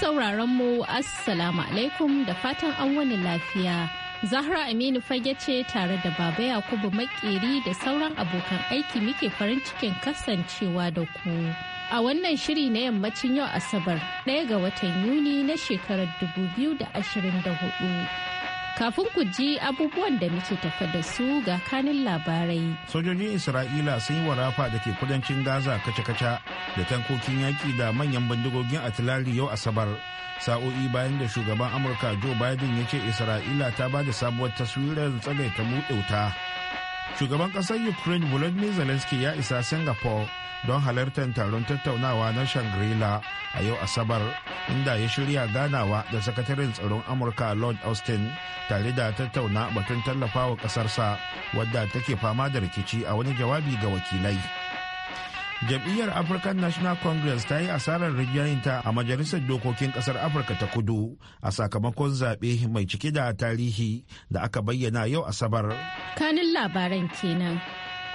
sauraron mu assalamu alaikum da fatan an wani lafiya. Zahra Aminu fage ce tare da Baba Yakubu Makeri da sauran abokan aiki muke farin cikin kasancewa da ku. A wannan shiri na yammacin yau Asabar ɗaya ga watan Yuni na shekarar 2024. Kafin ku ji abubuwan da muke tafa da su ga kanin labarai. Sojojin Isra'ila sun yi warafa da ke kudancin Gaza kaca-kaca da tankokin yaƙi da manyan bindigogin atilari yau Asabar. Sa'o'i bayan da shugaban Amurka Joe Biden ya ce Isra'ila ta ba da sabuwar taswirar tsagaita buɗe wuta. Shugaban ƙasar Ukraine Volodymyr Zelensky ya isa Singapore don halartar taron tattaunawa na shangri-la a yau asabar inda ya shirya ganawa da sakataren tsaron amurka lord austin tare da tattauna batun tallafawa kasarsa wadda take fama da rikici a wani jawabi ga wakilai jam'iyyar african national congress ta yi asarar rigiyarinta a majalisar dokokin kasar afirka ta kudu a sakamakon zaɓe mai cike da tarihi da aka bayyana yau asabar kanin labaran kenan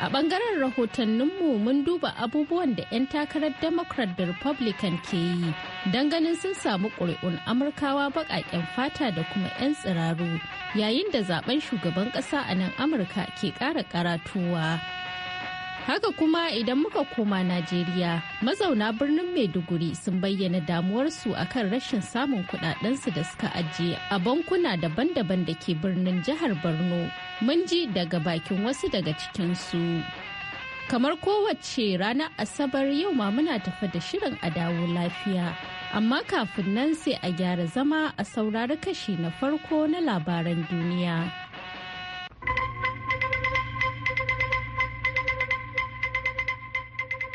A ɓangaren rahotanninmu mun duba abubuwan da 'yan takarar Democrat da Republican ke yi don ganin sun samu ƙuri'un Amurkawa baƙaƙen fata da kuma 'yan tsiraru yayin da zaben shugaban ƙasa a nan Amurka ke ƙara karatuwa. Haka kuma idan muka koma Najeriya, mazauna birnin Maiduguri sun bayyana damuwarsu akan rashin samun kudadensu da suka ajiye a bankuna daban-daban da ke birnin jihar Borno. Mun ji daga bakin wasu daga cikinsu. Kamar kowace ranar Asabar yau ma muna tafa da shirin a dawo lafiya. Amma kafin nan sai a gyara zama a saurari kashi na farko na labaran duniya.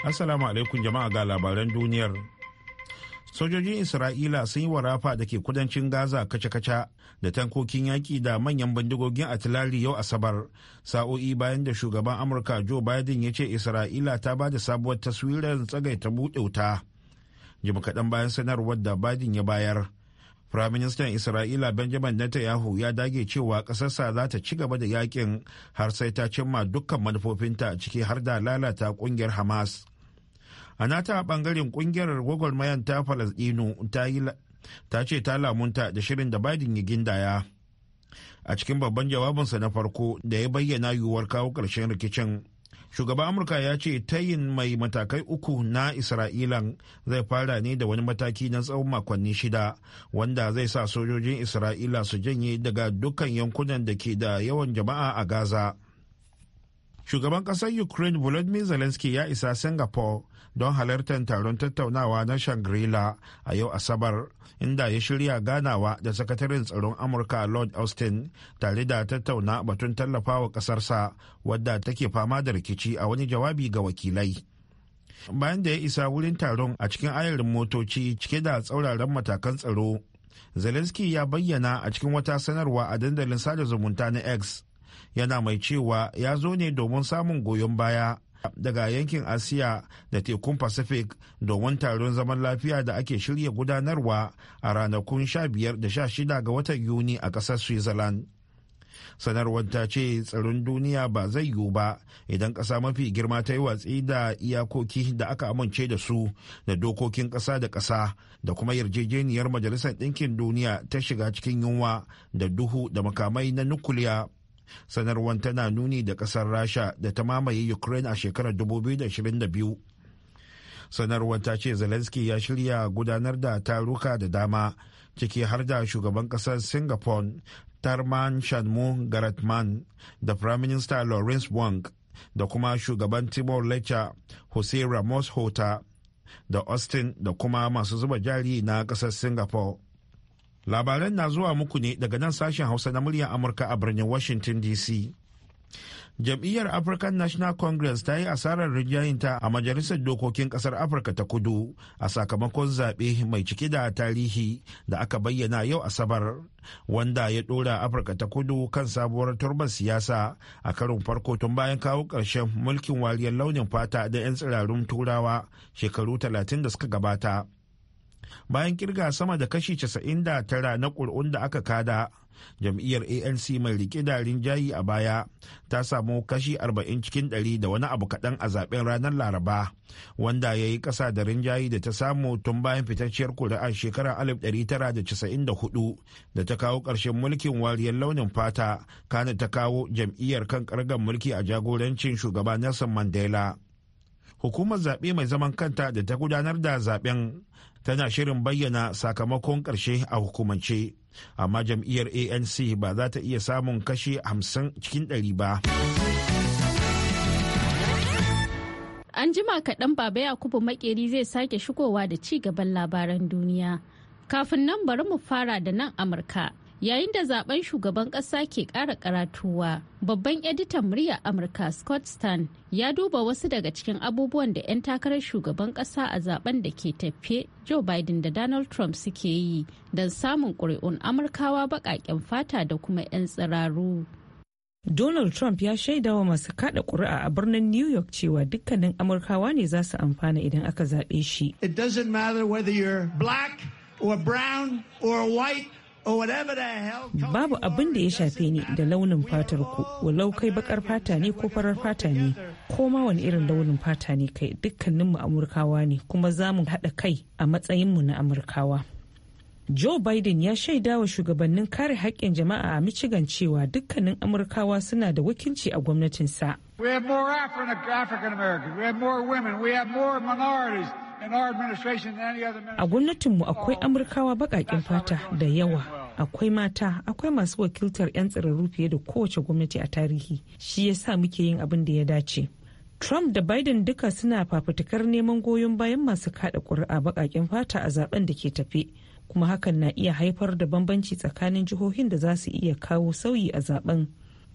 Assalamu alaikum jama'a ga labaran duniyar. Sojojin Isra'ila sun yi warafa da ke kudancin Gaza kaca-kaca da tankokin yaƙi da manyan bindigogin atilari yau Asabar, sa'o'i bayan da shugaban Amurka Joe Biden ya ce Isra'ila ta ba da sabuwar taswirar tsagaita buɗe wuta. Jim kaɗan bayan sanarwar da Biden ya bayar. Firaministan Isra'ila Benjamin Netanyahu ya dage cewa ƙasarsa za ta ci gaba da yakin har sai ta cimma dukkan manufofinta ciki har da lalata ƙungiyar Hamas. a nata bangaren kungiyar gwagwarmayan ta falasdino ta ce ta lamunta da shirin da biden ya gindaya a cikin babban jawabinsa na farko da ya bayyana yiwuwar kawo ƙarshen rikicin shugaban amurka ya ce tayin mai matakai uku na isra'ilan zai fara ne da wani mataki na tsawon makonni shida wanda zai sa sojojin isra'ila su janye daga dukkan yankunan da ke da yawan jama'a a gaza shugaban ƙasar ukraine volodymyr zelensky ya isa singapore don halartar taron tattaunawa na shangri-la a yau asabar inda ya shirya ganawa da sakataren tsaron amurka lord austin tare da tattauna batun tallafawa kasarsa wadda take fama da rikici a wani jawabi ga wakilai bayan da ya isa wurin taron a cikin ayarin motoci cike da tsauraran matakan tsaro zelensky ya bayyana a cikin wata sanarwa a dandalin sada zumunta na x yana mai cewa ya zo ne domin samun goyon baya daga yankin asiya da tekun pacific domin taron zaman lafiya da ake shirya gudanarwa a ranakun 15 da 16 ga watan yuni a kasar switzerland sanarwar ta ce tsaron duniya ba zai yiwu ba idan ƙasa mafi girma ta yi watsi da iyakoki da aka amince da su da dokokin ƙasa da ƙasa da kuma yarjejeniyar majalisar ɗinkin duniya ta shiga cikin yunwa da duhu da makamai na nukuliya sanarwar tana nuni da kasar rasha da ta mamaye ukraine a shekarar 2022 sanarwar ta ce zelensky ya shirya gudanar da taruka da dama ciki har da shugaban kasar singapore tarman shanmu garatman da prime minister lawrence wong da kuma shugaban timor leste jose ramos hota da austin da kuma masu zuba jari na kasar singapore Labaran na zuwa muku ne daga nan sashen Hausa na muryar Amurka a birnin Washington DC. Jam'iyyar African National Congress ta yi asarar rinjayinta a Majalisar Dokokin Kasar Afirka ta Kudu a sakamakon zaɓe mai cike da tarihi da aka bayyana yau Asabar, wanda ya ɗora Afirka ta Kudu kan sabuwar turbar siyasa a karin farko tun bayan kawo ƙarshen mulkin wariyar launin fata da 'yan tsirarun Turawa shekaru 30 da suka gabata. bayan kirga sama da kashi 99 na ƙuri'un da aka kada jam'iyyar anc mai rike da rinjayi a baya ta samu kashi 40 cikin 100 da wani abu kaɗan a zaben ranar laraba wanda ya yi ƙasa da rinjayi da ta samu tun bayan fitacciyar kuri'a shekarar 1994 da ta kawo ƙarshen mulkin wariyar launin fata kana ta kawo jam'iyyar kan ƙargan mulki a jagorancin shugaba nelson mandela hukumar zaɓe mai zaman kanta da ta gudanar da zaɓen tana shirin bayyana sakamakon ƙarshe a hukumance amma jam'iyyar anc ba za ta iya samun kashe 50 cikin 100 ba. an jima kaɗan baba yakubu makeri zai sake shigowa da ci gaban labaran duniya kafin nan bari mu fara da nan amurka yayin da zaben shugaban ƙasa ke ƙara karatuwa babban editan murya amurka scott stan ya duba wasu daga cikin abubuwan da 'yan takarar shugaban ƙasa a zaben da ke tafe joe biden da donald trump suke yi don samun ƙuri'un amurkawa baƙaƙen fata da kuma 'yan tsiraru Donald Trump ya shaida wa masu kada ƙuri'a a birnin New York cewa dukkanin Amurkawa ne za su amfana idan aka zaɓe shi. It doesn't matter whether you're black or brown or white Babu abin da ya shafe ni da launin fatar ku, walau kai bakar fata ne ko farar fata ne, ko ma wani irin launin fata ne kai dukkaninmu Amurkawa ne kuma za mu haɗa kai a matsayinmu na Amurkawa. Joe Biden ya shaida wa shugabannin kare haƙƙin jama'a a Michigan cewa dukkanin Amurkawa suna da wakilci a gwamnatinsa. We A gwamnatinmu akwai oh, Amurkawa baƙaƙen fata da yawa. Akwai mata, akwai masu wakiltar 'yan tsirarru fiye da kowace gwamnati a tarihi. Shi ya sa muke yin abin da ya dace. Trump da Biden duka suna fafutukar neman goyon bayan masu kada ƙuri'a baƙaƙen fata a zaben da ke tafe. Kuma hakan na iya haifar da bambanci tsakanin jihohin da za su iya kawo sauyi a zaben.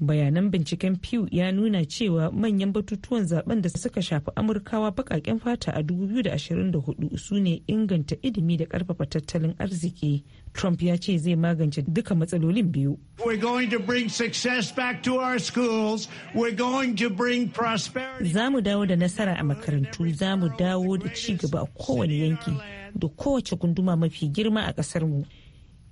bayanan binciken pew ya nuna cewa manyan batutuwan zaben da suka shafi amurkawa bakaken fata a 2024 su ne inganta ilimi da karfafa tattalin arziki trump ya ce zai magance duka matsalolin biyu za mu dawo da nasara a makarantu za mu dawo da ci gaba a kowane yanki da kowace gunduma mafi girma a ƙasarmu. mu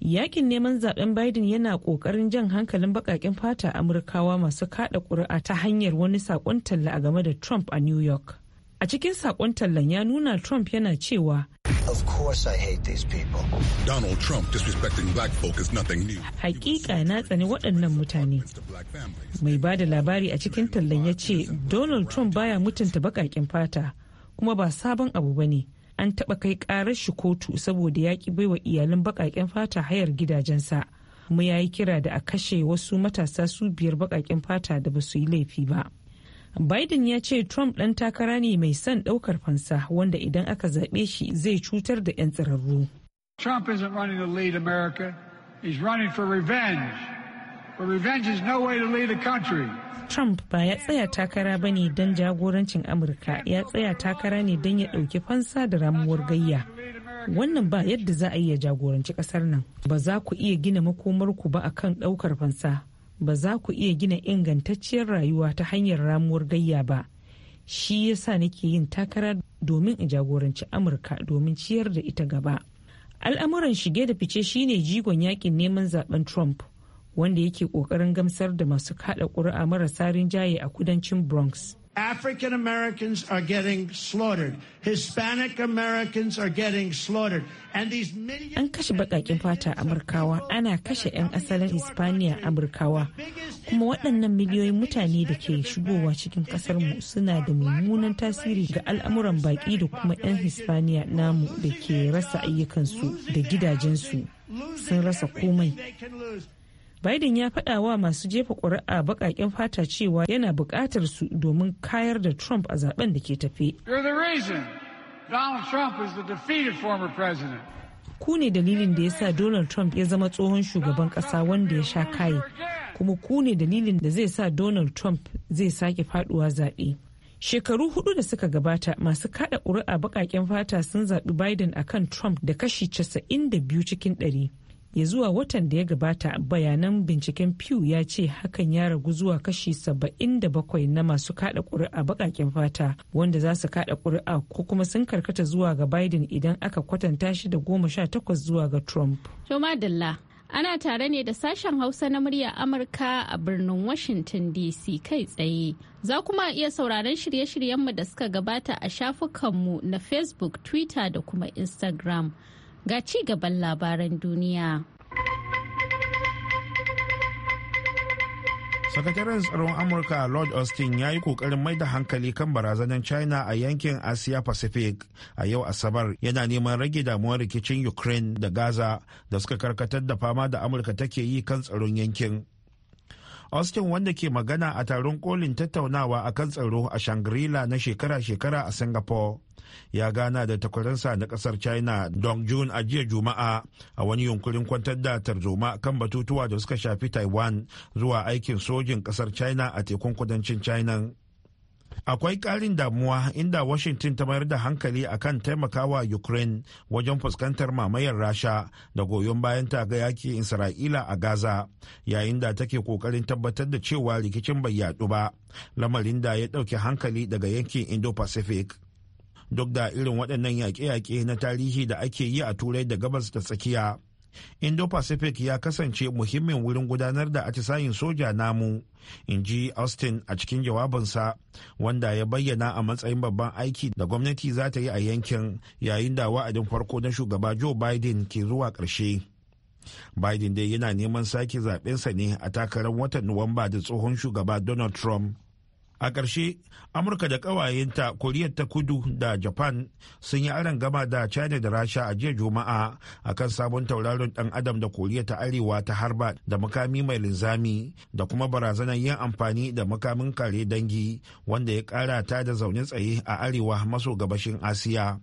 yakin neman zaben biden yana kokarin jan hankalin bakakin fata amurkawa masu kada kuri'a ta hanyar wani sakon talla a game da trump a new york a cikin sakon tallan ya nuna trump yana cewa Of course I hate these people. Donald Trump disrespecting black folk is nothing new. Hakika na tsani waɗannan mutane. Mai bada labari a cikin tallan ya ce Donald Trump baya mutunta baƙaƙen fata kuma ba sabon abu ba ne. an taɓa kai ƙarar shi kotu saboda ya ƙi baiwa iyalin baƙaƙen fata hayar gidajensa mu ya kira da a kashe wasu matasa su biyar baƙaƙen fata da ba su yi laifi ba. Biden ya ce Trump ɗan takara ne mai son ɗaukar fansa wanda idan aka zaɓe shi zai cutar da 'yan tsirarru. Trump isn't running to lead America, he's running for revenge. Trump ba ya tsaya takara ba ne don jagorancin Amurka ya tsaya takara ne don ya ɗauki fansa da ramuwar gayya. Wannan ba yadda za a iya jagoranci ƙasar nan. Ba za ku iya gina makomarku ba a kan ɗaukar fansa. Ba za ku iya gina ingantacciyar rayuwa ta hanyar ramuwar gayya ba. Shi ya sa nake yin takara domin in jagoranci Amurka domin ciyar da ita gaba. Al'amuran shige da fice shine jigon yakin neman zaben Trump. wanda yake kokarin gamsar da masu kaɗa ƙuri'a marasa rinjaye a kudancin Bronx. African Americans are getting slaughtered. Hispanic Americans are getting slaughtered. And these millions An kashe baƙaƙen fata Amurkawa, ana kashe 'yan asalin Hispaniya Amurkawa. Kuma waɗannan miliyoyin mutane da ke shigowa cikin ƙasarmu suna da mummunan tasiri ga al'amuran baƙi da kuma 'yan Hispaniya namu da ke rasa ayyukansu da gidajensu. Sun rasa komai. Biden ya faɗa wa masu jefa ƙuri'a baƙaƙen fata cewa yana buƙatar su domin kayar da Trump a zaben da ke tafe. Ku ne dalilin da ya sa Donald Trump ya zama tsohon shugaban ƙasa wanda ya sha kayi, kuma ku ne dalilin da zai sa Donald Trump zai sake faɗuwa zaɓe. shekaru hudu da suka gabata masu kada ƙuri'a baƙaƙen fata sun zaɓi biden akan trump da kashi 92 cikin ɗari ya zuwa watan da ya gabata bayanan binciken pew ya ce hakan ya ragu zuwa kashi 77 na masu kada kuri'a bakakin fata wanda za su kada kuri'a ko kuma sun karkata zuwa ga biden idan aka kwatanta shi da 18 zuwa ga trump ana tare ne da sashen hausa na murya amurka a birnin washington dc kai tsaye za kuma iya sauraron shirye-shiryenmu da suka gabata a shafukanmu na facebook twitter da kuma instagram ga ci gaban labaran duniya. sakataren tsaron amurka lord austin ya yi kokarin mai da hankali kan barazanar china a yankin asia pacific a yau asabar yana neman rage damuwar rikicin ukraine da gaza da suka karkatar da fama da amurka take yi kan tsaron yankin austin wanda ke magana a taron kolin tattaunawa a kan tsaro a shangri-la na shekara-shekara a singapore ya gana da takwaransa na kasar china dong jun a jiya juma'a a wani yunkurin kwantar da tarzoma kan batutuwa da suka shafi taiwan zuwa aikin sojin kasar china a tekun kudancin china akwai ƙarin damuwa inda washington ta mayar da hankali akan taimakawa ukraine wajen fuskantar mamayar rasha da goyon bayan ta ga yaki isra'ila a gaza yayin da take kokarin tabbatar da cewa rikicin bai yaɗu ba lamarin da ya ɗauki hankali daga yankin indo-pacific duk da irin waɗannan yaƙe-yaƙe na tarihi da ake yi a turai da gabas da tsakiya indo-pacific ya kasance muhimmin wurin gudanar da atisayin soja namu in ji austin a cikin jawabinsa wanda ya bayyana a matsayin babban aiki da gwamnati za ta yi a yankin yayin da wa'adin farko na shugaba joe biden ke zuwa ƙarshe biden dai yana neman sake zaɓensa ne a takarar watan nuwamba da tsohon shugaba donald trump a ƙarshe amurka da ƙawayenta koriya ta kudu da japan sun yi aron gama da china da rasha a jiya juma'a a kan sabon tauraron dan adam da koriya ta arewa ta harba da makami mai linzami da kuma barazanar yin amfani da makamin kare dangi wanda ya ƙara ta da zaune tsaye a arewa maso gabashin asiya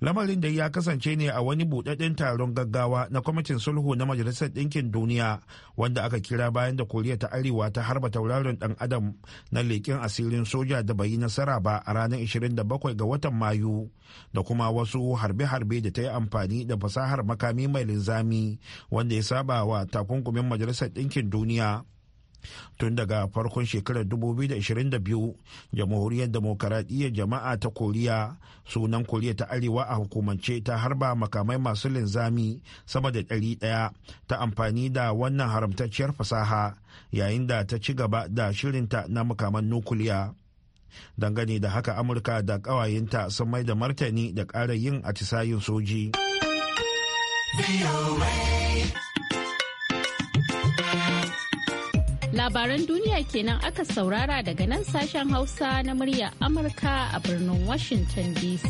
lamarin da ya kasance ne a wani buɗaɗɗen taron gaggawa na kwamitin sulhu na majalisar ɗinkin duniya wanda aka kira bayan da koriya ta arewa ta harba tauraron ɗan adam na leƙen asirin soja da bai yi nasara ba a ranar 27 ga watan mayu da kuma wasu harbe-harbe da ta yi amfani da fasahar makami mai linzami wanda ya saba wa takunkumin majalisar ɗinkin duniya tun daga farkon shekarar 2022 jamhuriyar demokaradiyyar jama'a ta koriya sunan koriya ta arewa a hukumance ta harba makamai masu linzami sama da ɗari ɗaya ta amfani da wannan haramtacciyar fasaha yayin da ta ci gaba da shirinta na makaman nukuliya dangane da haka amurka da ƙawayenta sun mai da martani da ƙara yin atisayin soji. Labaran duniya kenan aka saurara daga nan sashen Hausa na murya Amurka a birnin Washington DC.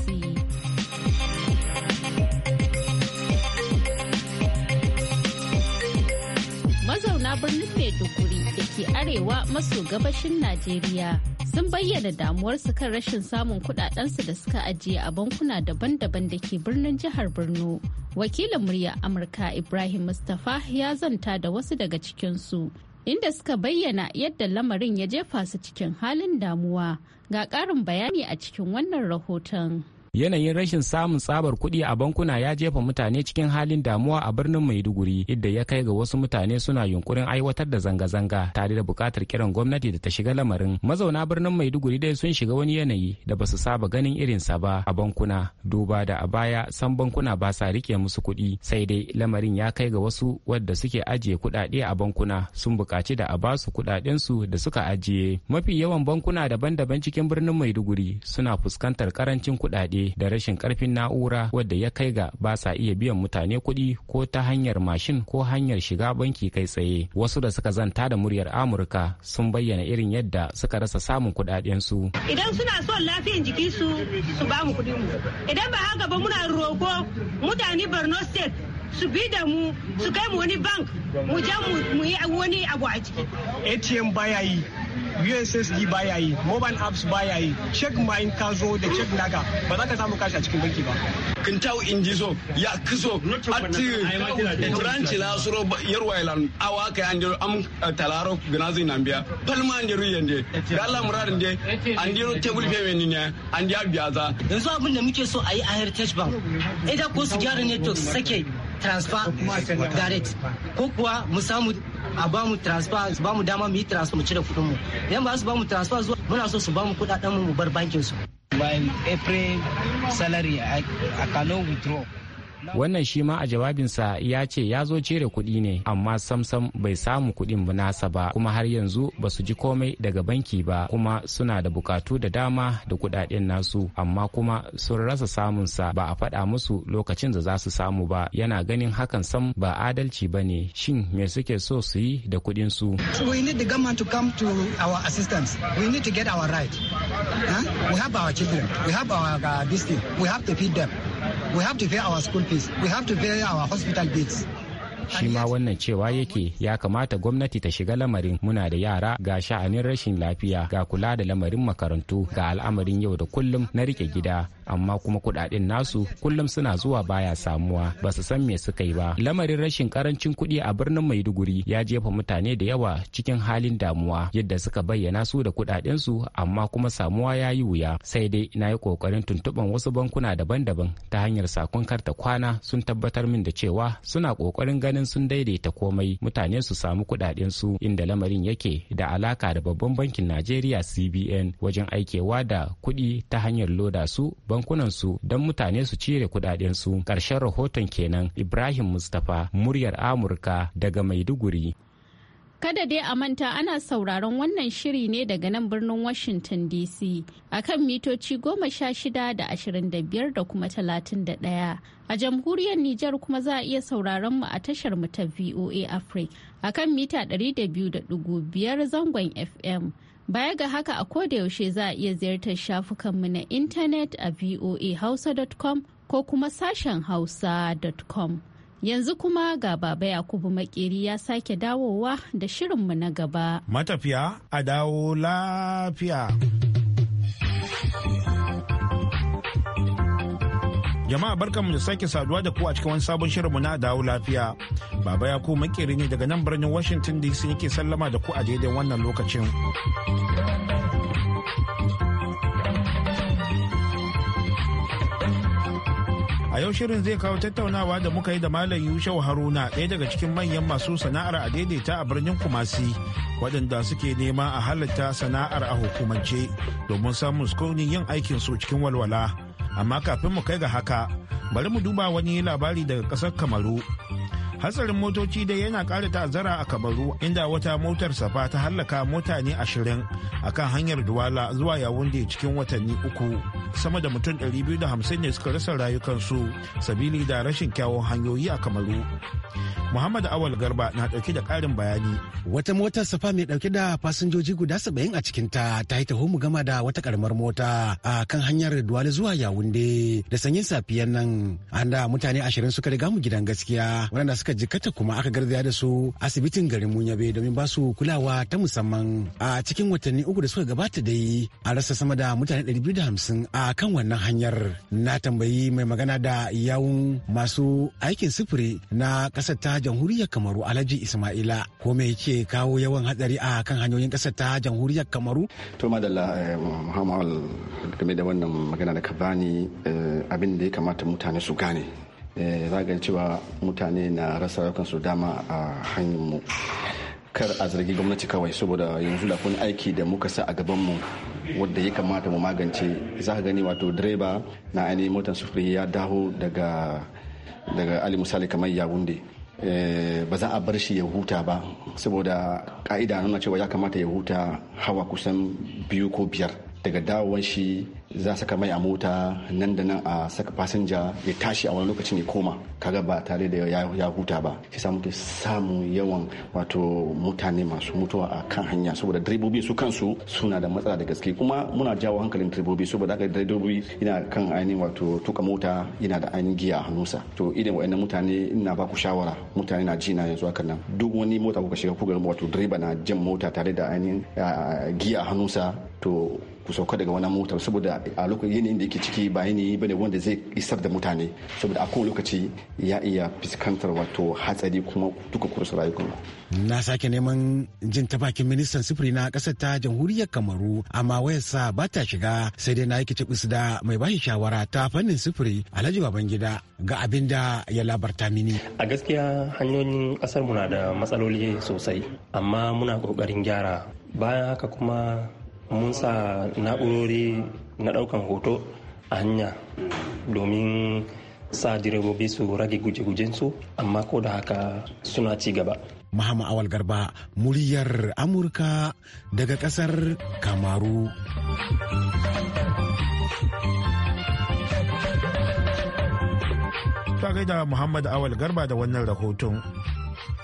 Mazauna birnin Maiduguri da ke arewa maso gabashin Najeriya sun bayyana damuwarsu kan rashin samun kudadensu da suka ajiye a bankuna daban-daban da ke birnin jihar Borno. Wakilin murya Amurka Ibrahim Mustapha ya zanta da wasu daga cikinsu inda suka bayyana yadda lamarin ya jefa su cikin halin damuwa ga ƙarin bayani a cikin wannan rahoton. Yanayin rashin samun tsabar kuɗi a bankuna ya jefa mutane cikin halin damuwa a birnin Maiduguri, idda ya kai ga wasu mutane suna yunkurin aiwatar da zanga-zanga tare da buƙatar kiran gwamnati da ta shiga lamarin. Mazauna birnin Maiduguri dai sun shiga wani yanayi da ba su saba ganin irinsa ba a bankuna, duba da a baya san bankuna ba sa rike musu kuɗi, sai dai lamarin ya kai ga wasu wadda suke ajiye kuɗaɗe a bankuna sun buƙaci da a ba su kuɗaɗensu da suka ajiye. Mafi yawan bankuna daban-daban cikin birnin Maiduguri suna fuskantar ƙarancin kuɗaɗe daidai da rashin karfin na'ura wadda ya kai ga ba sa iya biyan mutane kuɗi ko ta hanyar mashin ko hanyar shiga banki kai tsaye wasu da suka zanta da muryar amurka sun bayyana irin yadda suka rasa samun kuɗaɗen su idan suna son lafiyan jiki su su ba mu kuɗi idan ba haka ba muna roko mutane borno state su bi da mu su kai mu wani bank mu je mu yi wani abu a ciki atm baya yi ussd baya yi mobile apps baya yi check my in da check Naga ba za ka samu kashi a cikin banki ba kintau so ya kiso atti branch la suro yarwa ilan awa kai an am eh, talaro gnazi nambiya palma an jeru yende dalla muradin de an jiro table payment ne an ja biyaza yanzu abin da muke so a yi a heritage bank idan ko su gyara network sake transfer direct ko kuwa mu samu a ba mu transfer ba mu dama mu yi transfer mu cire kuɗin mu idan ba su ba mu transfer zuwa muna so su ba mu kuɗaɗen mu mu bar bankin su by april salary a I withdraw wannan shi ma a jawabinsa ya ce ya zo cire kuɗi ne amma samsam bai samu kuɗin nasa ba kuma har yanzu ba su ji komai daga banki ba kuma suna da bukatu da dama da kuɗaɗen nasu amma kuma sun rasa samunsa ba a faɗa musu lokacin da za su samu ba yana ganin hakan sam ba adalci ba ne shin me suke so su yi da kuɗin su. we need the government to come to our assistance we need to get our right we have our children we have our uh, we have to feed them We have to pay our school fees. We have to pay our hospital bills. shi ma wannan cewa yake ya kamata gwamnati ta shiga lamarin muna da yara ga sha'anin rashin lafiya ga kula da lamarin makarantu ga al'amarin yau da kullum na rike gida amma kuma kuɗaɗen nasu kullum suna zuwa baya samuwa ba su san me suka yi ba lamarin rashin karancin kuɗi a birnin maiduguri ya jefa mutane da yawa cikin halin damuwa yadda suka bayyana su da kuɗaɗensu su amma kuma samuwa ya yi wuya sai dai na yi ƙoƙarin tuntuɓan wasu bankuna daban-daban ta hanyar sakon karta kwana sun tabbatar min da cewa suna ƙoƙarin ganin sun daidaita komai mutane su samu kuɗaɗen su inda lamarin yake da alaka da babban bankin najeriya cbn wajen aikewa da kuɗi ta hanyar loda su bankunansu don mutane su cire su ƙarshen rahoton kenan ibrahim mustapha muryar amurka daga maiduguri Kada dai a manta ana sauraron wannan shiri ne daga nan birnin Washington DC akan mitoci goma sha shida da ashirin da da kuma talatin da ɗaya. A jamhuriyar Nijar kuma za a iya sauraron mu a tashar mu ta VOA Africa akan mita ɗari da biyu da ɗigo zangon FM. Baya ga haka a yaushe za a iya ziyartar shafukanmu na intanet a voahausa.com ko kuma sashen hausa.com. Yanzu kuma ga Baba Yakubu Makeri ya sake dawowa da shirinmu na gaba. Matafiya a dawo lafiya. Jama'a barkanmu da sake saduwa da ku a cikin wani sabon shirinmu na dawo lafiya. Baba ya ku makeri ne daga nan birnin Washington DC yake sallama da ku a daidai wannan lokacin. A yau shirin zai kawo tattaunawa da muka yi da Malam Yushau Haruna ɗaya daga cikin manyan masu sana'ar a daidaita a birnin Kumasi waɗanda suke nema a halatta sana'ar a hukumance domin samun sukunin yin aikinsu cikin walwala. amma kafin mu kai ga haka bari mu duba wani labari daga ƙasar kamaru hatsarin motoci dai yana ƙara ta'azzara a kabaru inda wata motar safa ta hallaka mutane ashirin a kan hanyar duwala zuwa yawunde cikin watanni uku sama da mutum 250 ne suka rasa rayukansu sabili da rashin kyawun hanyoyi a kamaru muhammad awal garba na ɗauke da ƙarin bayani wata motar safa mai ɗauke da fasinjoji guda saba'in a cikin ta ta yi taho mu gama da wata karamar mota a kan hanyar duwala zuwa yawunde da sanyin safiyar nan an da mutane ashirin suka riga mu gidan gaskiya waɗanda suka suka jikata kuma aka garzaya da su asibitin garin munyabe domin ba su kulawa ta musamman a cikin watanni uku da suka gabata dai a rasa sama da mutane 250 a kan wannan hanyar na tambayi mai magana da yawun masu aikin sufuri na kasar ta jamhuriyar kamaru alhaji ismaila ko me yake kawo yawan hatsari a kan hanyoyin kasar ta jamhuriyar kamaru to madalla eh, muhammad game da wannan magana da ka bani eh, abin da ya kamata mutane su gane Eh, zagan cewa mutane na rasa su dama a hanyar mu kar a zargi gwamnati kawai saboda yanzu da kun aiki da muka sa a gaban mu wadda ya kamata mu magance za ka gani wato direba na ainihin motar sufuri ya daho daga daga ali misali kamar ya wunde eh, ba za a bar shi ya huta ba saboda ka'ida nuna cewa ya kamata ya huta hawa kusan biyu ko biyar daga dawowar shi za saka mai a mota nan da nan a saka fasinja ya tashi a wani lokaci ya koma kaga ba tare da ya huta ba shi samu ke samun yawan wato mutane masu mutuwa a kan hanya saboda direbobi su kansu suna da matsala da gaske kuma muna jawo hankalin direbobi saboda aka direbobi yana kan ainihin wato tuka mota yana da ainihin giya a hannunsa to idan wa'annan mutane ina ba shawara mutane na ji na yanzu haka nan duk wani mota kuka shiga kuka wato direba na jan mota tare da ainihin giya a hannunsa to ku sauka daga wannan mota saboda a lokacin yanayin da yake ciki ba yanayi bane wanda zai isar da mutane saboda a kowane lokaci ya iya fuskantar wato hatsari kuma duka kursu rayukan na sake neman jin ta bakin ministan sufuri na kasar ta jamhuriyar kamaru amma wayarsa ba ta shiga sai dai na yi kicibis da mai bashi shawara ta fannin sufuri alhaji babangida ga abin da ya labarta mini a gaskiya hanyoyin kasar mu na da matsaloli sosai amma muna kokarin gyara baya haka kuma mun sa na'urori na daukan hoto a hanya domin sa direbobi su rage guje-gujensu amma ko da haka suna ci gaba. Mahama Awal Garba muryar Amurka daga kasar Kamaru. Ta gaida Muhammad Awal Garba da wannan rahoton.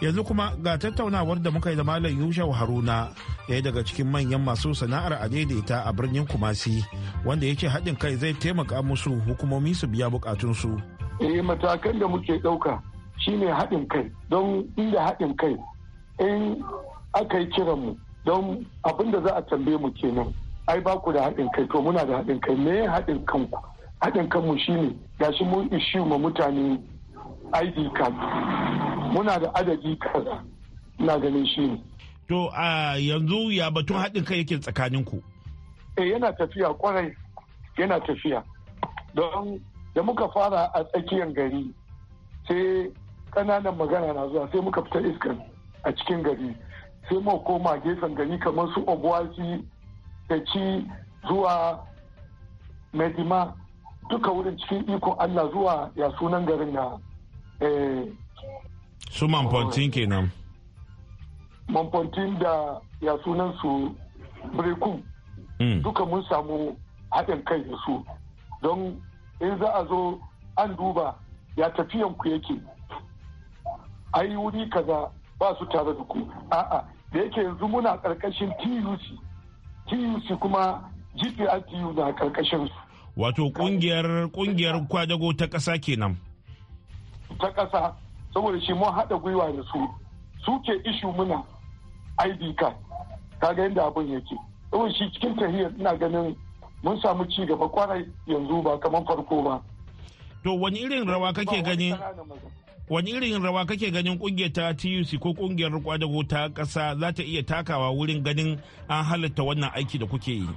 yanzu kuma ga tattaunawar da muka yi da malam yushau haruna ɗaya daga cikin manyan masu sana'ar adaidaita a birnin kumasi wanda ya ce haɗin kai zai taimaka musu hukumomi su biya bukatunsu. eh matakan da muke ɗauka shine haɗin kai don inda haɗin kai in aka yi kiranmu don abin da za a tambaye mu kenan ai ba ku da haɗin kai to muna da haɗin kai me haɗin kanku haɗin kanmu shine gashi mun ishi ma mutane id card muna da adadi kaza ina ganin shi ne to a yanzu ya batun haɗin kai yake tsakanin eh yana tafiya kwarai yana tafiya don da muka fara a tsakiyar gari sai ƙananan magana na zuwa sai muka fita iskan a cikin gari sai mu koma gefen gari kamar su obuasi da ci zuwa medima duka wurin cikin ikon allah zuwa ya sunan garin na su manfantin kenan manfantin da ya sunan su breku hmm. duka mun samu haɗin kai da su don in za a zo an duba ya tafiyan ku yake ai wuri kaza ba su tare da ku a'a da yake yanzu muna ƙarƙashin tuc tuc kuma gprtu na ƙarƙashin su wato ƙungiyar ƙungiyar kwadago ta ƙasa kenan ta ƙasa saboda shi mun haɗa gwiwa da su su ke ishu muna id card ta ga yadda abin yake saboda shi cikin tahiyar ina ganin mun samu ci gaba kwarai yanzu ba kamar farko ba to wani irin rawa kake gani wani irin rawa kake ganin kungiyar ta TUC ko kungiyar kwadago ta ƙasa za ta iya takawa wurin ganin an halatta wannan aiki da kuke yi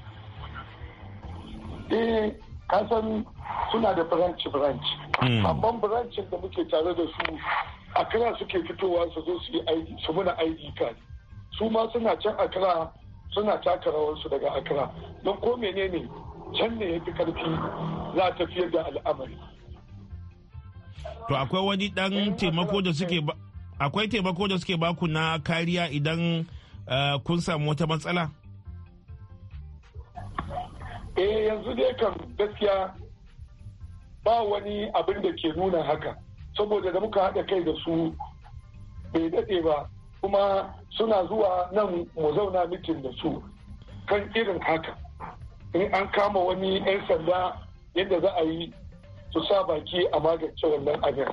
eh kasan suna da branch branch Mm. Amma birancin da muke tare da su a kira suke fitowa su zo su yi su muna ID card. Su ma suna can kira suna taka rawarsu daga kira Don ko menene can ne ya fi karfi za ta fiye da al'amari. To akwai wani dan eh, taimako da suke akwai taimako da suke baku na kariya idan eh, kun samu wata matsala? Eh yanzu dai kan gaskiya ba wani abin da ke nuna haka saboda da muka haɗa kai da su bai daɗe ba kuma suna zuwa nan mu zauna mitin da su kan irin haka in an kama wani 'yan sanda yadda za a yi su sa baki a magance wannan abin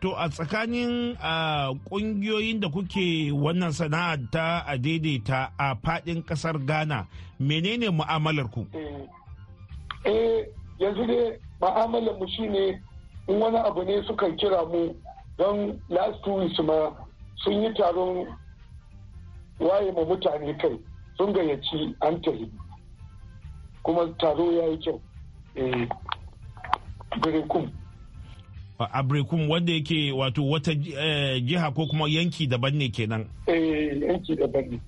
to a tsakanin kungiyoyin da kuke wannan sana'a ta a daidaita a fadin kasar ghana menene mu'amalar ku? Eh, eh yanzu dai ma'amalar mu shine in wani abu ne suka kira mu don last two weeks ma sun yi taron waye ma mutane kai sun gayyaci an tafi kuma taro ya yi kyau eh, birikun a birikun wanda yake wato wata eh, jiha ko kuma yanki daban ne kenan eh yanki daban ne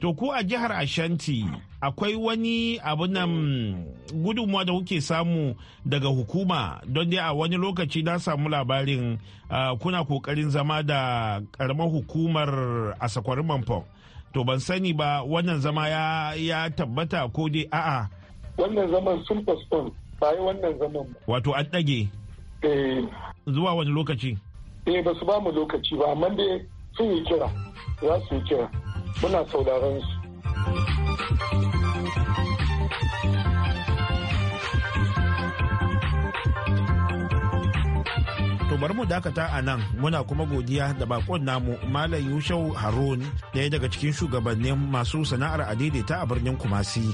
To ko a jihar Ashanti akwai wani abun nan gudunmuwa da kuke samu daga hukuma don dai a wani lokaci na samu labarin kuna kokarin zama da karamar hukumar asakwarin manfon. To ban sani ba wannan zama ya, tabbata ko dai a'a. Wannan zaman sun postpone bayan wannan zaman. Wato an ɗage. Eh. Zuwa wani lokaci? Eh ba su ba mu lokaci ba amma dai sun yi kira. Za su yi kira. muna sauraron su bari mu dakata a nan muna kuma godiya da bakon namu malam yushau harun daya daga cikin shugabannin masu sana'ar adaidaita a birnin kumasi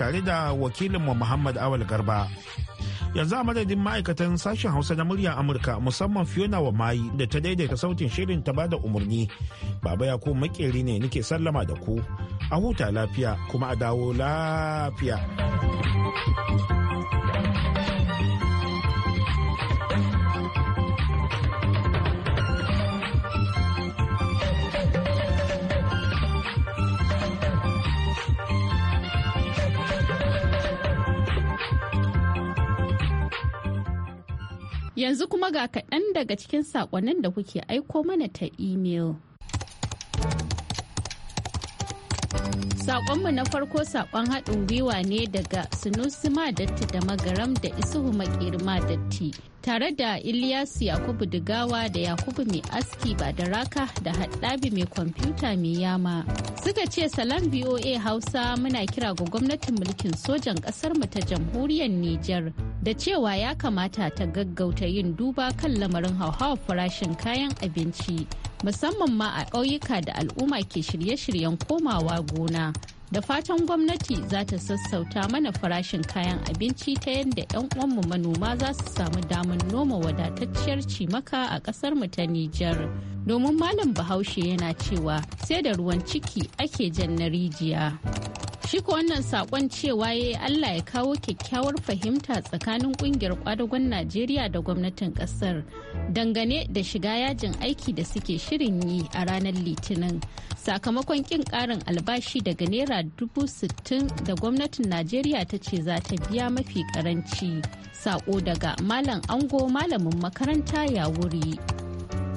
tare da wakilinmu muhammad awal garba yanzu a madadin ma'aikatan sashen hausa na murya amurka musamman fiona wa mayi da ta daidaita sautin shirin ta bada umarni baba ya ko makeri ne nake sallama da ku a huta lafiya kuma a dawo lafiya Yanzu kuma ga kaɗan daga cikin saƙonnin da kuke aiko mana ta imel. saƙonmu na farko saƙon haɗin gwiwa ne daga Sunusima datti da Magaram da Isuhu Makirma Datti tare da Ilyas Yakubu Digawa da Yakubu mai aski ba da raka da haɗabi mai kwamfuta mai yama. Suka ce salam BOA Hausa muna kira ga gwamnatin mulkin sojan ƙasar mu ta jamhuriyar Nijar da cewa ya kamata ta gaggauta yin duba kan lamarin hauhawar farashin kayan abinci musamman ma a ƙauyuka da al'umma ke shirye-shiryen komawa gona da fatan gwamnati za ta sassauta mana farashin kayan abinci ta yadda 'yan uwanmu manoma za su samu damar noma wadatacciyar cimaka a ƙasar mu ta Nijar. Domin Malam Bahaushe yana cewa sai da ruwan ciki ake jan na rijiya. Shi ko wannan saƙon cewa ya yi Allah ya kawo kyakkyawar fahimta tsakanin ƙungiyar kwadagon Najeriya da gwamnatin ƙasar dangane da shiga yajin aiki da suke shirin yi a ranar Litinin sakamakon ƙin ƙarin albashi daga Naira dubu sittin da gwamnatin najeriya ta ce za ta biya mafi karanci sako daga malam ango malamin makaranta ya wuri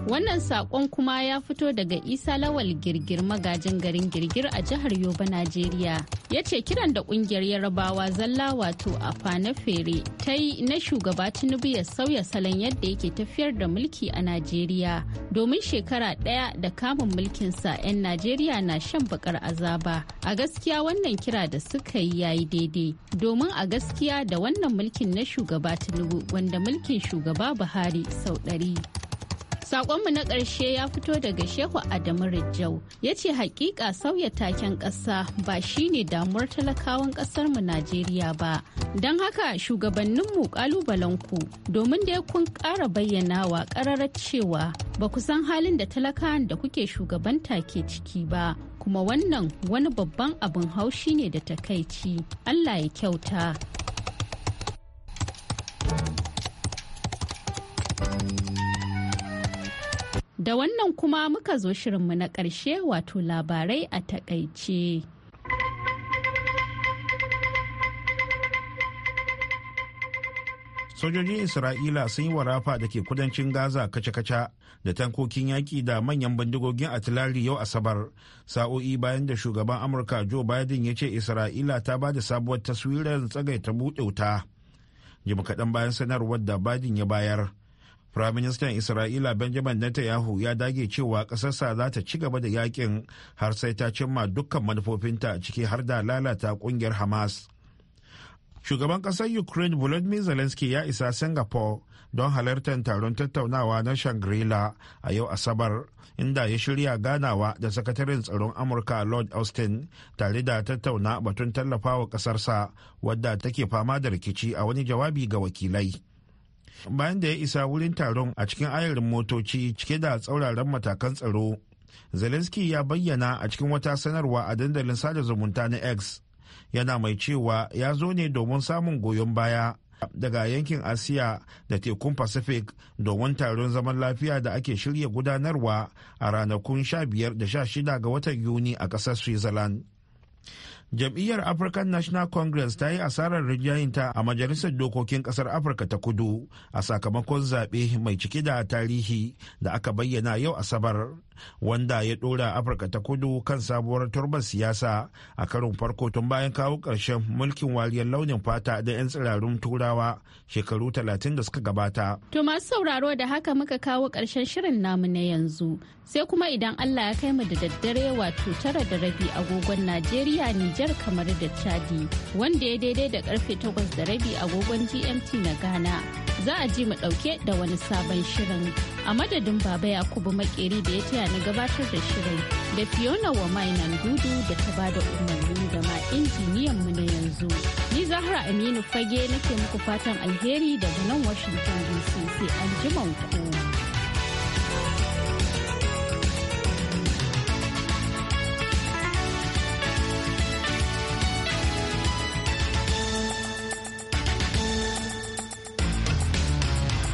Wannan saƙon kuma ya fito daga Isa Lawal Girgir magajin garin Girgir a jihar yoba Najeriya. Ya ce kiran da ƙungiyar Yarabawa zalla wato a fana fere ta yi na shugaba Tinubu ya sauya salon yadda yake tafiyar da mulki a Najeriya. Domin shekara ɗaya da kamun mulkinsa 'yan Najeriya na shan bakar azaba. A gaskiya wannan kira da suka yi yayi daidai. Domin a gaskiya da wannan mulkin na shugaba Tinubu wanda mulkin shugaba Buhari sau ɗari. Sakonmu na ƙarshe ya fito daga Shehu Adamu Rijau ya ce hakika sauya taken ƙasa ba shine damuwar talakawan ƙasarmu Najeriya ba. Don haka shugabanninmu ƙalubalenku domin dai kun ƙara bayyana wa ƙararra cewa ba ku san halin da talakawan da kuke shugabanta ke ciki ba. Kuma wannan wani babban abin haushi ne da takaici. Allah ya kyauta. Da wannan kuma muka zo shirinmu na ƙarshe wato labarai a takaice. Sojojin Isra'ila sun yi warafa da ke kudancin Gaza kaca-kaca da tankokin yaƙi da manyan bindigogin atilari yau Asabar, sa'o'i bayan da shugaban Amurka Joe Biden ya ce Isra'ila ta ba da sabuwar taswirar tsagaita buɗe wuta. Jim kaɗan bayan sanarwar da Biden ya bayar. Firaministan Isra'ila Benjamin Netanyahu ya dage cewa ƙasarsa za ta ci gaba da yakin har sai ta cimma dukkan manufofinta ciki har da lalata ƙungiyar Hamas. Shugaban ƙasar Ukraine Volodymyr Zelensky ya isa Singapore don halartar taron tattaunawa na Shangri-La a yau Asabar, inda ya shirya ganawa da sakataren tsaron Amurka Lord Austin tare da tattauna batun tallafawa ƙasarsa wadda take fama da rikici a wani jawabi ga wakilai. bayan da ya isa wurin taron a cikin ayarin motoci cike da tsauraran matakan tsaro zelensky ya bayyana a cikin wata sanarwa a dandalin sada zumunta na x yana mai cewa ya zo ne domin samun goyon baya daga yankin asiya da tekun pacific domin taron zaman lafiya da ake shirya gudanarwa a ranakun 15 da 16 ga watan yuni a ƙasar switzerland jam'iyyar african national congress ta yi asarar rinjayinta a majalisar dokokin kasar afirka ta kudu a sakamakon zaɓe mai cike da tarihi da aka bayyana yau asabar wanda ya ɗora afirka ta kudu kan sabuwar turbar siyasa a karin farko tun bayan kawo ƙarshen mulkin wariyar launin fata da 'yan tsirarun turawa shekaru talatin da suka gabata to masu sauraro da haka muka kawo ƙarshen shirin namu na yanzu sai kuma idan Allah ya kai mu da daddare wato tara da rabi agogon Najeriya Nijar kamar da Chadi wanda ya daidai da karfe takwas da rabi agogon GMT na Ghana. Za a ji mu ɗauke da wani sabon shirin a madadin Baba Yakubu Makeri da ya taya ni gabatar da shirin da Fiona wa mainan gudu da ta bada umarni ga ma injiniyan mu na yanzu. Ni Zahra Aminu Fage nake muku fatan alheri daga nan Washington DC sai an ku.